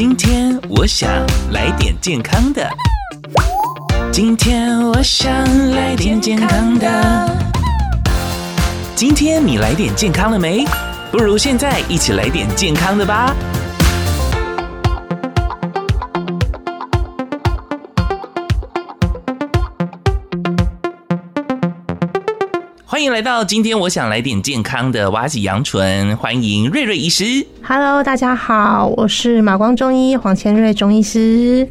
今天我想來點健康的。今天我想來點健康的。今天你來點健康了沒？不如現在一起來點健康的吧。來到今天，我想來點健康的。挖起羊唇，歡迎瑞瑞醫師。Hello，大家好，我是馬光中醫黃千瑞中醫師。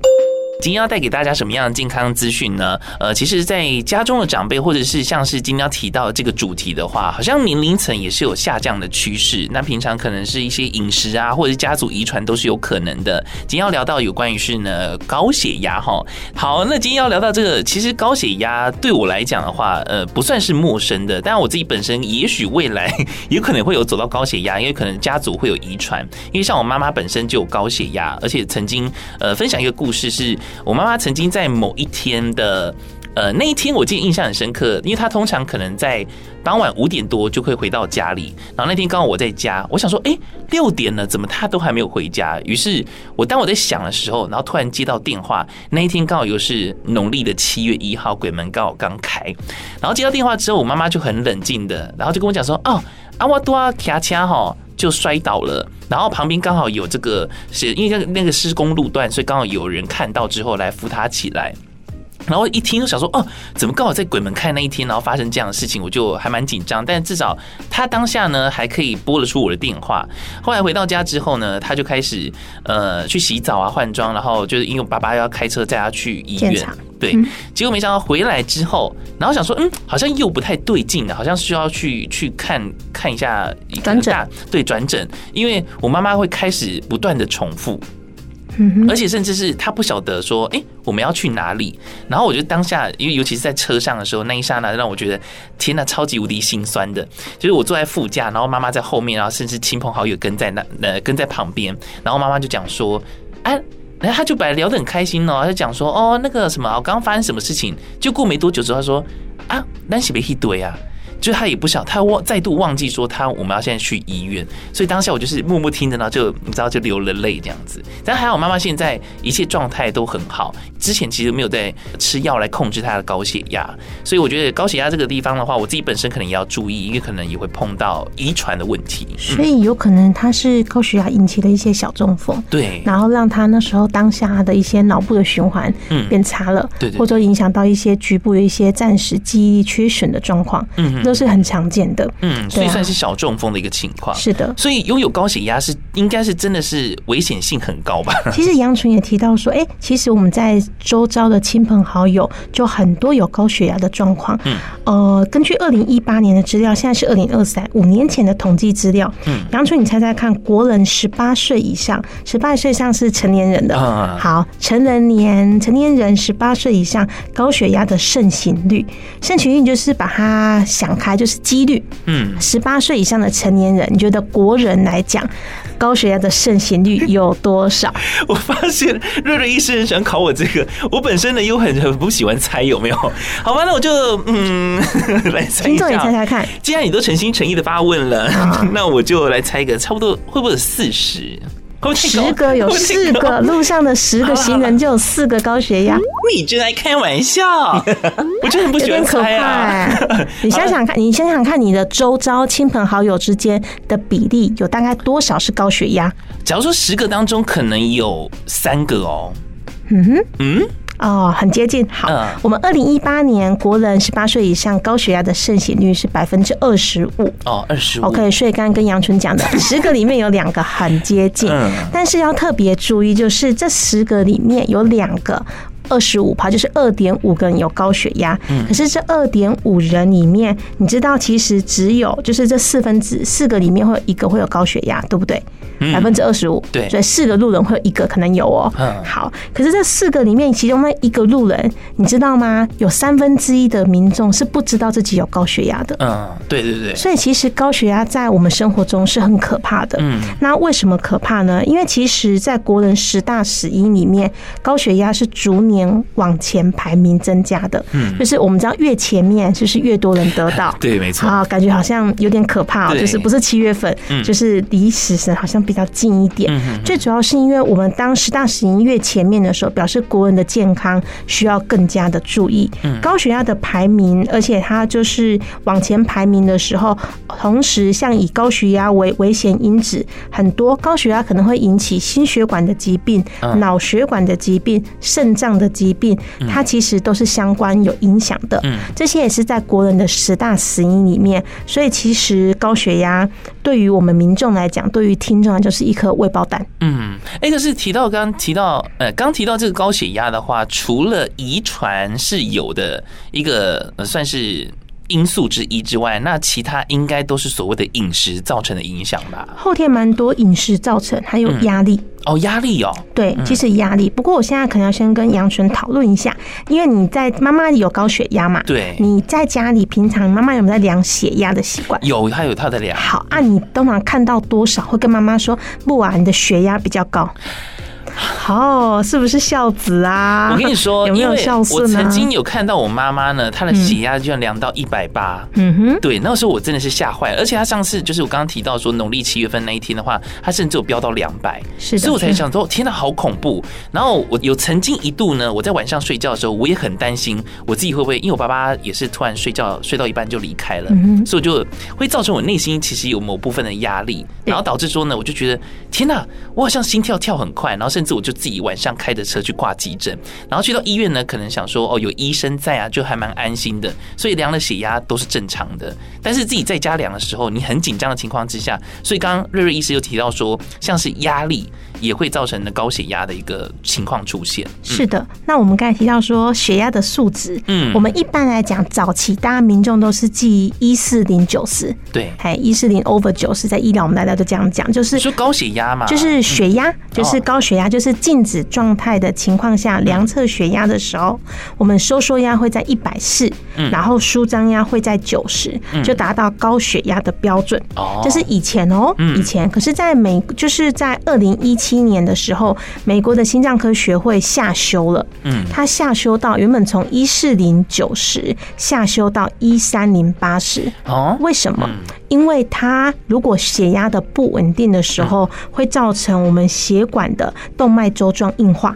今天要帶給大家什麼樣的健康資訊呢？呃，其實在家中的長輩，或者是像是今天要提到這個主題的話，好像年齡層也是有下降的趨勢。那平常可能是一些飲食啊，或者是家族遺傳都是有可能的。今天要聊到有關於是呢，高血壓哈。好，那今天要聊到這個，其實高血壓對我來講的話，呃，不算是陌生的。但我自己本身也許未來也可能會有走到高血壓，因為可能家族會有遺傳，因為像我媽媽本身就有高血壓，而且曾經，呃，分享一個故事是。我媽媽曾經在某一天的，呃，那一天我記得印象很深刻，因為她通常可能在傍晚五點多就會回到家裡，然後那天剛好我在家，我想說，哎、欸，六點了，怎麼她都還沒有回家？於是，我當我在想的時候，然後突然接到電話，那一天剛好又是農曆的七月一號，鬼門剛好剛開，然後接到電話之後，我媽媽就很冷靜的，然後就跟我講說，哦，阿瓦多阿卡卡吼就摔倒了。然後旁邊剛好有這個，是因為那個那個施工路段，所以剛好有人看到之後來扶他起來。然後一聽就想說：“哦、啊，怎麼剛好在鬼門開那一天，然後發生這樣的事情？”我就還蠻緊張，但至少他當下呢還可以撥得出我的電話。後來回到家之後呢，他就開始呃去洗澡啊、換裝，然後就是因為爸爸要開車載他去醫院。對，結果沒想到回來之後，然後想說，嗯，好像又不太對勁了，好像需要去去看看一下一個轉診，整對轉診，因為我媽媽會開始不斷的重複，嗯、哼而且甚至是她不曉得說，哎、欸，我們要去哪裡？然後我覺得當下，因為尤其是在車上的時候，那一剎那讓我覺得，天哪，超級無敵心酸的，就是我坐在副駕，然後媽媽在後面，然後甚至親朋好友跟在那呃跟在旁邊，然後媽媽就講說，哎、啊。然後他就本來聊得很開心哦，他就講說：“哦，那個什麼，我剛剛發生什麼事情？”就過沒多久之後，他說：“啊，那洗被一堆啊。”就是他也不想，他忘再度忘記說他我們要現在去醫院，所以當下我就是默默聽着，然後就你知道就流了淚這樣子。但還好媽媽現在一切狀態都很好，之前其實沒有在吃藥來控制她的高血壓，所以我覺得高血壓這個地方的話，我自己本身可能也要注意，因為可能也會碰到遺傳的問題，嗯、所以有可能他是高血壓引起了一些小中風，對，然後讓他那時候當下的一些腦部的循環變差了，嗯、對，對對，或者影響到一些局部的一些暫時記憶缺損的狀況，嗯嗯。都是很常見的，啊、嗯，所以算是小中風的一個情況。是的，所以擁有高血壓是應該是真的是危險性很高吧？其實楊春也提到說，哎、欸，其實我們在周遭的親朋好友就很多有高血壓的狀況。嗯，呃，根據二零一八年的資料，現在是二零二三，五年前的統計資料。嗯，楊春，你猜猜看，國人十八歲以上，十八歲以上是成年人的。啊、好，成人年，成年人，成年人十八歲以上高血壓的盛行率，盛行率就是把它想。還就是幾率，嗯，十八歲以上的成年人，你覺得國人來講，高血壓的盛行率有多少？ 我發現瑞瑞醫生很喜歡考我這個，我本身呢又很很不喜歡猜有沒有，好吧，那我就嗯 來猜一下，聽眾也猜猜看，既然你都誠心誠意的發問了，啊、 那我就來猜一個，差不多會不會有四十？十個有四個，路上的十個行人就有四個高血壓？你就在開玩笑， 我真的不喜歡開啊，可怕！你想想看，你想想看你的周遭親朋好友之間的比例有大概多少是高血壓？假如說十個當中可能有三個哦。嗯哼，嗯。哦，oh, 很接近。好，uh, 我們二零一八年國人十八歲以上高血壓的盛行率是百分之二十五。哦，二十五。OK，所以剛剛跟楊春講的，十 個裡面有兩個很接近，uh, 但是要特別注意，就是這十個裡面有兩個。二十五趴就是二點五個人有高血壓，嗯，可是這二點五人裡面，你知道其實只有就是這四分子，四個裡面會有一個會有高血壓，對不對？百分之二十五，25, 對，所以四個路人會有一個可能有哦、喔，嗯，好，可是這四個裡面其中那一個路人，你知道嗎？有三分之一的民眾是不知道自己有高血壓的，嗯，對對對，所以其實高血壓在我們生活中是很可怕的，嗯，那為什麼可怕呢？因為其實在國人十大死因裡面，高血壓是主。年、嗯、往前排名增加的，嗯，就是我們知道越前面就是越多人得到，對，沒錯啊，感覺好像有點可怕，嗯，就是不是七月份，就是離死神好像比較近一點。最主要是因為我們當十大死因越前面的時候，表示國人的健康需要更加的注意。嗯，高血壓的排名，而且它就是往前排名的時候，同時像以高血壓為危險因子，很多高血壓可能會引起心血管的疾病、腦血管的疾病、腎臟。的疾病，它其實都是相關有影響的，嗯、這些也是在國人的十大死因裡面。所以其實高血壓對於我們民眾來講，對於聽眾來講，就是一顆未爆彈。嗯，哎、欸，可是提到剛提到呃，剛提到這個高血壓的話，除了遺傳是有的一個，算是。因素之一之外，那其他應該都是所謂的飲食造成的影響吧？後天蠻多飲食造成，還有壓力、嗯。哦，壓力哦，對，其實壓力。不過我現在可能要先跟楊純討論一下，因為你在媽媽有高血壓嘛？對，你在家裡平常媽媽有沒有在量血壓的習慣？有，她有她的量。好啊，你通常看到多少會跟媽媽說，不啊，你的血壓比較高。好，oh, 是不是孝子啊？我跟你說，你有孝順？我曾經有看到我媽媽呢，她的血壓居然量到一百八。嗯哼，對，那時候我真的是嚇壞了。而且她上次就是我剛剛提到說，農曆七月份那一天的話，她甚至有飆到兩百，是的，所以我才想說，天吶，好恐怖！然後我有曾經一度呢，我在晚上睡覺的時候，我也很擔心我自己會不會，因為我爸爸也是突然睡覺睡到一半就離開了，嗯、哼所以我就會造成我內心其實有某部分的壓力，然後導致說呢，我就覺得天吶，我好像心跳跳很快，然後甚至。我就自己晚上開着車去掛急診，然後去到醫院呢，可能想說哦，有醫生在啊，就還蠻安心的。所以量了血壓都是正常的，但是自己在家量的時候，你很緊張的情況之下，所以剛剛瑞瑞醫師又提到說，像是壓力也會造成的高血壓的一個情況出現，嗯。是的，那我們剛才提到說血壓的數值，嗯，我們一般來講早期大家民眾都是記一四零九四，對，還一四零 over 九四在醫療，我們大家都這樣講，就是說高血壓嘛，就是血壓，嗯，就是高血壓。就是靜止狀態的情況下量測血壓的時候，我們收縮壓會在一百四，然後舒張壓會在九十，嗯，就達到高血壓的標準。哦，這是以前哦，嗯，以前。可是，在美就是在二零一七年的時候，美國的心臟科學會下修了，嗯，它下修到原本從一四零九十下修到一三零八十。哦，為什麼？嗯因為它，如果血壓的不穩定的時候，會造成我們血管的動脈粥狀硬化。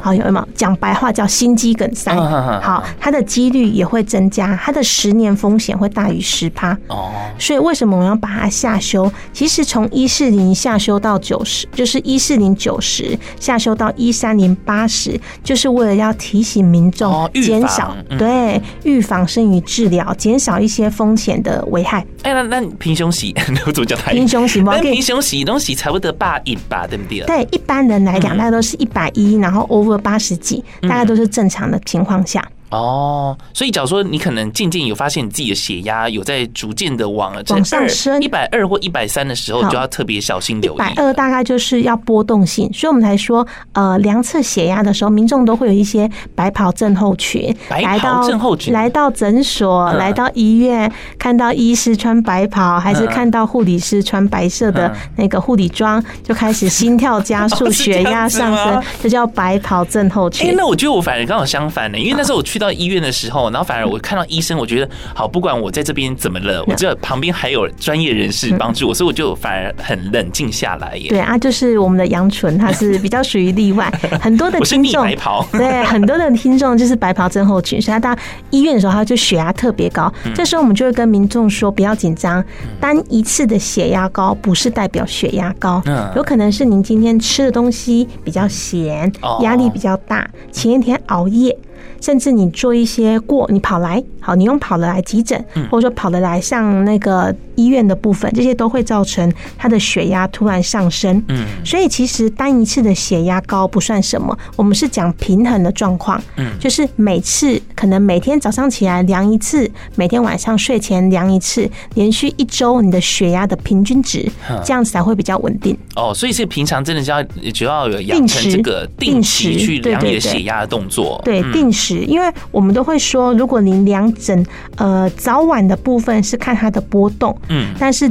好，有沒有講白話叫心肌梗塞？嗯、好，它的幾率也會增加，它的十年風險會大於十趴哦。所以為什麼我們要把它下修？其實從一四零下修到九十，就是一四零九十下修到一三零八十，就是為了要提醒民眾減少，哦嗯、對，預防勝於治療，減少一些風險的危害。哎，那那平胸洗，平胸洗 OK、我主角太平胸洗，但平胸洗東西才會得八一吧，對不對？對，一般人來講，大、嗯、都是一百一，然後。over 八十幾，大概都是正常的情況下。嗯哦，所以假如說你可能漸漸有發現你自己的血壓有在逐漸的往往上升，一百二或一百三的時候，就要特別小心留意。一百二大概就是要波動性，所以我們才說，呃，量測血壓的時候，民眾都會有一些白袍症候群，白袍症候群。來到診所，嗯、來到醫院，看到醫師穿白袍，還是看到護理師穿白色的那個護理裝，嗯、就開始心跳加速、 血壓上升，這，這叫白袍症候群。欸、那我覺得我反而剛好相反呢、欸，嗯、因為那時候我。去到醫院的時候，然後反而我看到醫生，我覺得好，不管我在這邊怎麼了，我知道旁邊還有專業人士幫助我，所以我就反而很冷靜下來耶。對啊，就是我們的楊純，他是比較屬於例外， 很多的聽眾對，很多的聽眾就是白袍症候群，所以他到醫院的時候，他就血壓特別高。這時候我們就會跟民眾說，不要緊張，單一次的血壓高不是代表血壓高，有可能是您今天吃的東西比較鹹，壓力比較大，前一天熬夜。甚至你做一些過，你跑來，好，你用跑的來急診，嗯，或者說跑的來上那個醫院的部分，這些都會造成他的血壓突然上升。嗯，所以其實單一次的血壓高不算什麼，我們是講平衡的狀況。嗯，就是每次可能每天早上起來量一次，每天晚上睡前量一次，連續一周你的血壓的平均值，呵這樣子才會比較穩定。哦，所以是平常真的是要只要有養成這個定時去量你的血壓的動作，對定時。定時，對對對，嗯。因為我們都會說，如果您量整呃，早晚的部分是看它的波動，嗯，但是。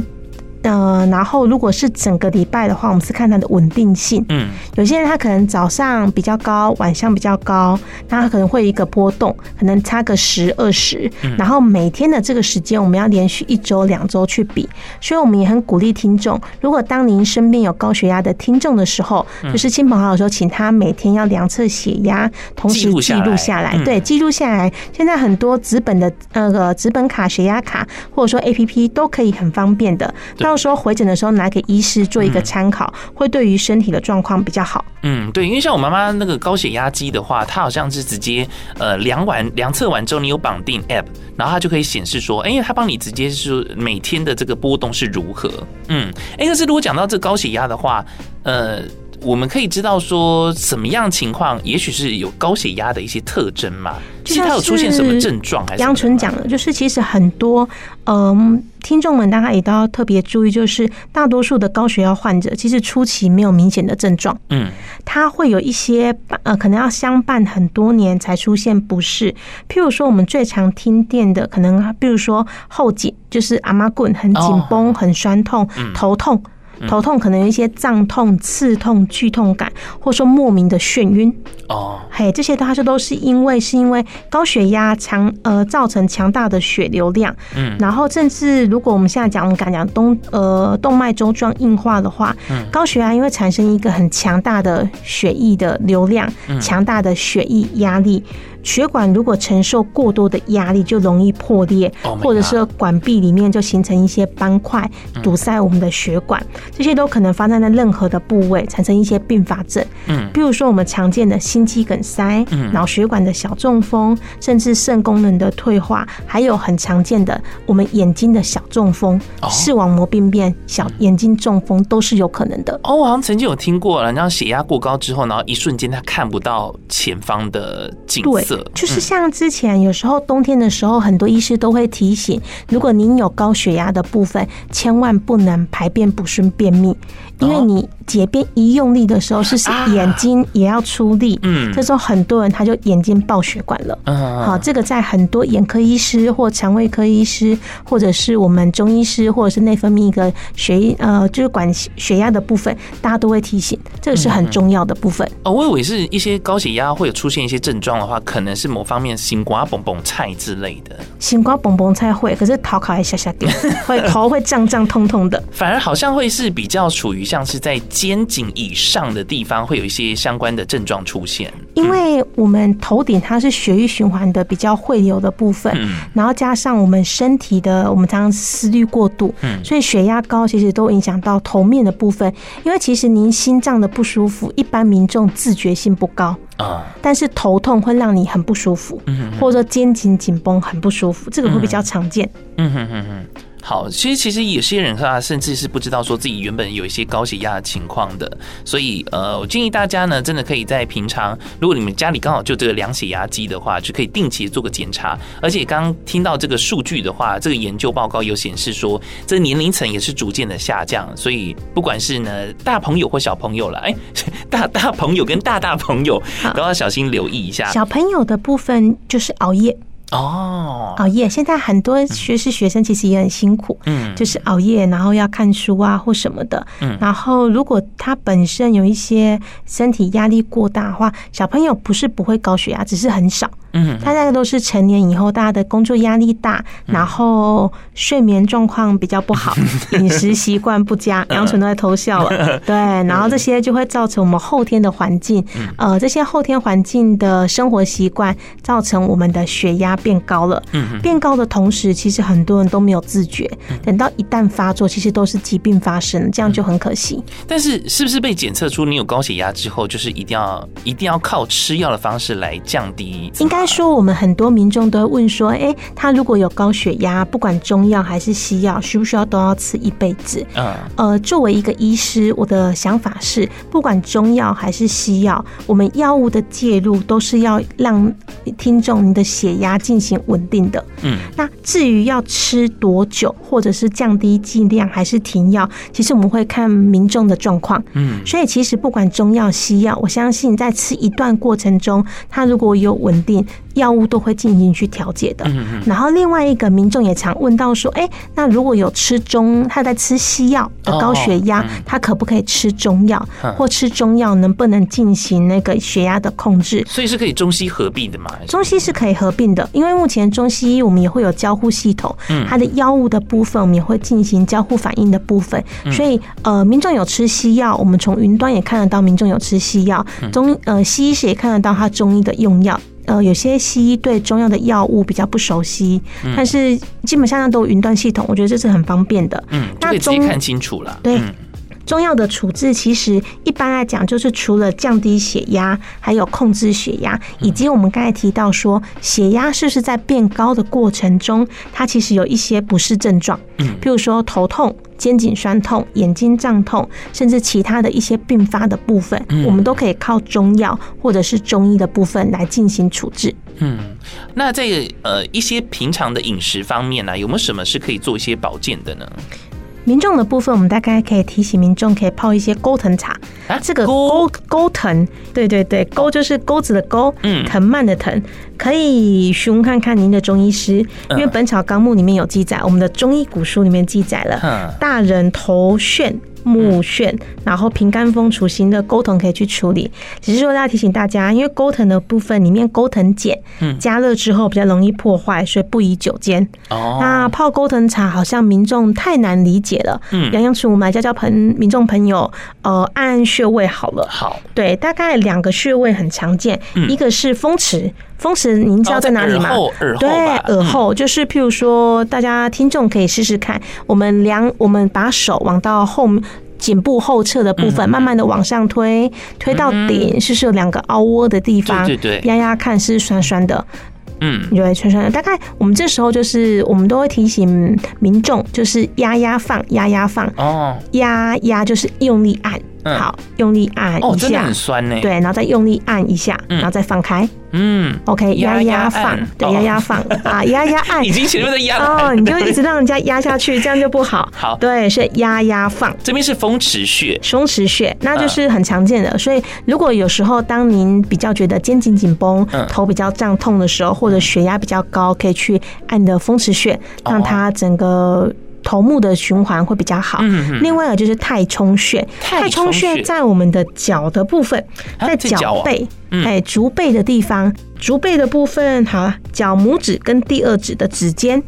嗯、呃，然後如果是整個禮拜的話，我們是看它的穩定性。嗯，有些人他可能早上比較高，晚上比較高，那他可能會有一個波動，可能差個十二十。然後每天的這個時間，我們要連續一周、兩周去比。所以，我們也很鼓勵聽眾，如果當您身邊有高血壓的聽眾的時候，嗯、就是親朋好友說，請他每天要量測血壓，同時記錄下來。記錄下來，嗯、對，記錄下來。現在很多紙本的那個紙本卡、血壓卡，或者說 APP，都可以很方便的。說回診的時候拿給醫師做一個參考，嗯、會對於身體的狀況比較好。嗯，對，因為像我媽媽那個高血壓機的話，它好像是直接呃量完量測完之後，你有綁定 APP，然後它就可以顯示說，哎、欸，它幫你直接是每天的這個波動是如何。嗯，哎、欸，但是如果講到這高血壓的話，呃，我們可以知道說什麼樣情況，也許是有高血壓的一些特徵嘛，就是它有出現什麼症狀還是？楊純講的就是其實很多嗯。聽眾們，大家也都要特別注意，就是大多數的高血壓患者，其實初期沒有明顯的症狀。嗯，他會有一些呃，可能要相伴很多年才出現不適。譬如說，我們最常聽電的，可能比如說後頸，就是阿媽滾很緊繃、很酸痛、oh, 嗯、頭痛。頭痛可能有一些脹痛、刺痛、劇痛感，或者說莫名的眩暈哦，嘿，oh. hey, 這些它是都是因為是因為高血壓強呃造成強大的血流量，嗯，然後甚至如果我們現在講，我們敢講、呃、動呃動脈粥狀硬化的話，嗯、高血壓因為產生一個很強大的血液的流量，強大的血液壓力。血管如果承受過多的壓力，就容易破裂，oh、或者是管壁裡面就形成一些斑塊，嗯、堵塞我們的血管，這些都可能發生在任何的部位，產生一些併發症。嗯，比如說我們常見的心肌梗塞，嗯，腦血管的小中風，甚至腎功能的退化，還有很常見的我們眼睛的小中風、oh、視網膜病變、小眼睛中風、嗯、都是有可能的。哦，oh, 我好像曾經有聽過了，然後血壓過高之後，然後一瞬間他看不到前方的景色。就是像之前有時候冬天的時候，很多醫師都會提醒，如果您有高血壓的部分，千萬不能排便不順、便秘，因為你。解便一用力的時候，是，是眼睛也要出力。啊、嗯，這時候很多人他就眼睛爆血管了。嗯，嗯好，這個在很多眼科醫師或腸胃科醫師，或者是我們中醫師，或者是內分泌一個血呃，就是管血壓的部分，大家都會提醒，這個是很重要的部分。哦、嗯，我以為是一些高血壓會有出現一些症狀的話，可能是某方面心瓜嘣嘣菜之類的。心瓜嘣嘣菜會，可是頭考一下下掉， 會頭會脹脹痛痛的。反而好像會是比較處於像是在。肩頸以上的地方會有一些相關的症狀出現，因為我們頭頂它是血液循環的比較匯流的部分，嗯、然後加上我們身體的我們常常思慮過度，嗯，所以血壓高其實都影響到頭面的部分。因為其實您心臟的不舒服，一般民眾自覺性不高啊，嗯、但是頭痛會讓你很不舒服，嗯哼，或者說肩頸緊繃很不舒服，這個會比較常見。嗯哼哼、嗯、哼。嗯哼好，其實其實有些人啊，甚至是不知道說自己原本有一些高血壓的情況的，所以呃，我建議大家呢，真的可以在平常，如果你們家裡剛好就這個量血壓機的話，就可以定期做個檢查。而且剛聽到這個數據的話，這個研究報告有顯示說，這個、年齡層也是逐漸的下降，所以不管是呢大朋友或小朋友了，哎、欸，大大朋友跟大大朋友好都要小心留意一下。小朋友的部分就是熬夜。哦，熬夜、oh, yeah, 現在很多學士學生其實也很辛苦，嗯，就是熬夜，然後要看書啊或什麼的，嗯，然後如果他本身有一些身體壓力過大的話，小朋友不是不會高血壓，只是很少。大家都是成年以後，大家的工作壓力大，然後睡眠狀況比較不好，飲 食習慣不佳，養成都在偷笑了。對，然後這些就會造成我們後天的環境，呃，這些後天環境的生活習慣，造成我們的血壓變高了。嗯，變高的同時，其實很多人都沒有自覺，等到一旦發作，其實都是疾病發生，這樣就很可惜。但是，是不是被檢測出你有高血壓之後，就是一定要一定要靠吃藥的方式來降低？應該。說我們很多民眾都會問說，哎、欸，他如果有高血壓，不管中藥還是西藥，需不需要都要吃一輩子？Uh. 呃，作為一個醫師，我的想法是，不管中藥還是西藥，我們藥物的介入都是要讓聽眾你的血壓進行穩定的。嗯，那至於要吃多久，或者是降低劑量還是停藥，其實我們會看民眾的狀況。嗯，所以其實不管中藥、西藥，我相信在吃一段過程中，他如果有穩定。藥物都會進行去調節的。然後另外一個民眾也常問到說：“哎，那如果有吃中，他在吃西藥的高血壓，他可不可以吃中藥？或吃中藥能不能進行那個血壓的控制？”所以是可以中西合併的嘛？中西是可以合併的，呃、因為目前中西醫我們也會有交互系統，它的藥物的部分我們也會進行交互反應的部分。所以呃，民眾有吃西藥，我們從雲端也看得到民眾有吃西藥，中呃西醫是也看得到他中醫的用藥。呃，有些西醫對中藥的藥物比較不熟悉，嗯、但是基本上上都有雲端系統，我覺得這是很方便的。嗯，那中醫看清楚了，對中。嗯中藥的處置其實一般來講，就是除了降低血壓，還有控制血壓，以及我們剛才提到說，血壓是不是在變高的過程中，它其實有一些不適症狀，嗯，比如說頭痛、肩頸酸痛、眼睛脹痛，甚至其他的一些併發的部分，我們都可以靠中藥或者是中醫的部分來進行處置。嗯，那在呃一些平常的飲食方面呢，啊，有沒有什麼是可以做一些保健的呢？民眾的部分，我們大概可以提醒民眾，可以泡一些鈎藤茶。啊，這個鈎，鈎藤，對對對，鈎就是鈎子的鈎，嗯，藤蔓的藤，可以詢問看看您的中醫師，嗯，因為《本草綱目》裡面有記載，我們的中醫古書裡面記載了，嗯，大人頭眩。目眩，然後平肝風除型的鉤藤可以去處理。只是說要提醒大家，因為鉤藤的部分裡面鉤藤鹼，嗯，加熱之後比較容易破壞，所以不宜久煎。哦、嗯，那泡鈎藤茶好像民眾太難理解了。嗯，楊洋處，我們來教教朋民眾朋友，呃，按穴位好了。好，對，大概兩個穴位很常見，嗯、一個是風池。風池，您知道在哪裡嗎？耳後，耳後，對，耳後、嗯、就是譬如說，大家聽眾可以試試看，我們量我們把手往到後頸部後側的部分，嗯、哼慢慢的往上推，推到頂，是不？、嗯、哼是有兩個凹窩的地方？對對，壓壓看，是是酸酸的？嗯，對，酸酸的。大概我們這時候就是，我們都會提醒民眾，就是壓壓放，壓壓放哦，壓壓就是用力按。好，用力按一下，哦，真的很酸耶。對，然後再用力按一下，然後再放開。嗯，OK，壓壓放，對，壓壓放啊，壓壓按，已經前面的壓哦，你就一直讓人家壓下去，這樣就不好。好，對，是壓壓放。這邊是風池穴，風池穴，那就是很常見的。所以，如果有時候當您比較覺得肩頸緊繃、頭比較脹痛的時候，或者血壓比較高，可以去按你的風池穴，讓它整個。頭目的循環會比較好，嗯、哼另外呢，就是太衝穴，太衝穴在我們的腳的部分，在腳背，哎、啊，足、啊欸、背的地方，足、嗯、背的部分，好了，腳拇指跟第二指的指尖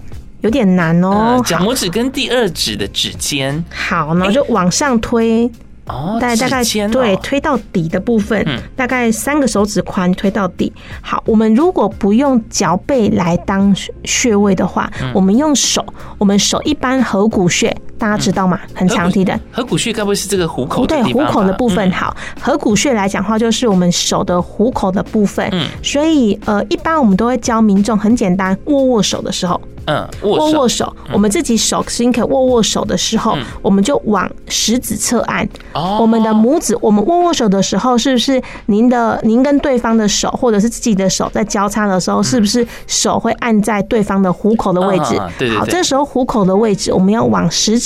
有點難哦，腳拇指跟第二指的指尖，好，然後我就往上推。欸大、哦、大概，哦、對，推到底的部分，嗯、大概三個手指寬，推到底。好，我們如果不用腳背來當穴位的話，嗯、我們用手，我們手一般合谷穴。大家知道嗎？很常提的合谷穴，該不會是這個虎口？對，虎口的部分好。合谷穴來講的話，就是我們手的虎口的部分。嗯，所以呃，一般我們都會教民眾很簡單，握握手的時候，嗯，握握手，我們自己手，心可以握握手的時候，我們就往食指側按。哦，我們的拇指，我們握握手的時候，是不是您的您跟對方的手，或者是自己的手在交叉的時候，是不是手會按在對方的虎口的位置？對，好，這時候虎口的位置，我們要往食指。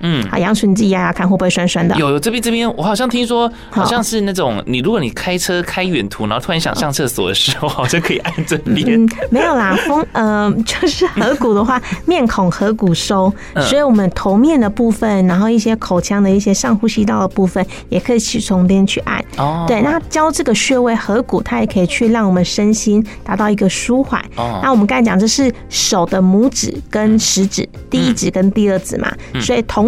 嗯，好，楊春，你自己壓壓看會不會酸酸的？有，這邊這邊，我好像聽說，好像是那種你如果你開車開遠途，然後突然想上廁所的時候，好像可以按這邊。嗯，沒有啦，風呃，就是合谷的話，面孔合谷收，所以我們頭面的部分，然後一些口腔的一些上呼吸道的部分，也可以去從邊去按。哦，對，那教這個穴位合谷，它也可以去讓我們身心達到一個舒緩。哦，那我們剛才講這是手的拇指跟食指，第一指跟第二指嘛，所以同。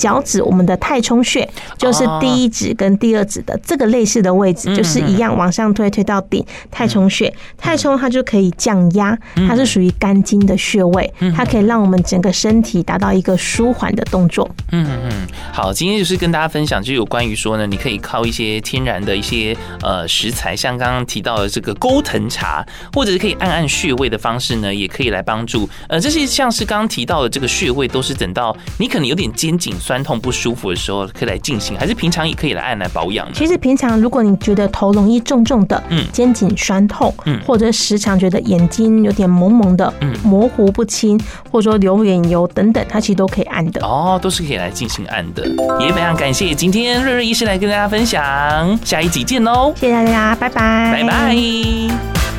腳趾，我們的太衝穴就是第一指跟第二指的這個類似的位置，就是一樣往上推，推到頂。太衝穴，太衝它就可以降壓，它是屬於肝經的穴位，它可以讓我們整個身體達到一個舒緩的動作。嗯嗯嗯，好，今天就是跟大家分享，就有關於說呢，你可以靠一些天然的一些呃食材，像剛剛提到的這個鈎藤茶，或者是可以按按穴位的方式呢，也可以來幫助。呃，這些像是剛剛提到的這個穴位，都是等到你可能有點肩頸。酸痛不舒服的時候可以來進行，還是平常也可以來按來保養。其實平常如果你覺得頭容易重重的，嗯，肩頸酸痛，嗯，或者時常覺得眼睛有點朦朦的，嗯，模糊不清，或者說流眼油等等，它其實都可以按的。哦，都是可以來進行按的。也非常感謝今天瑞瑞醫師來跟大家分享，下一集見囉！謝謝大家，拜拜，拜拜。拜拜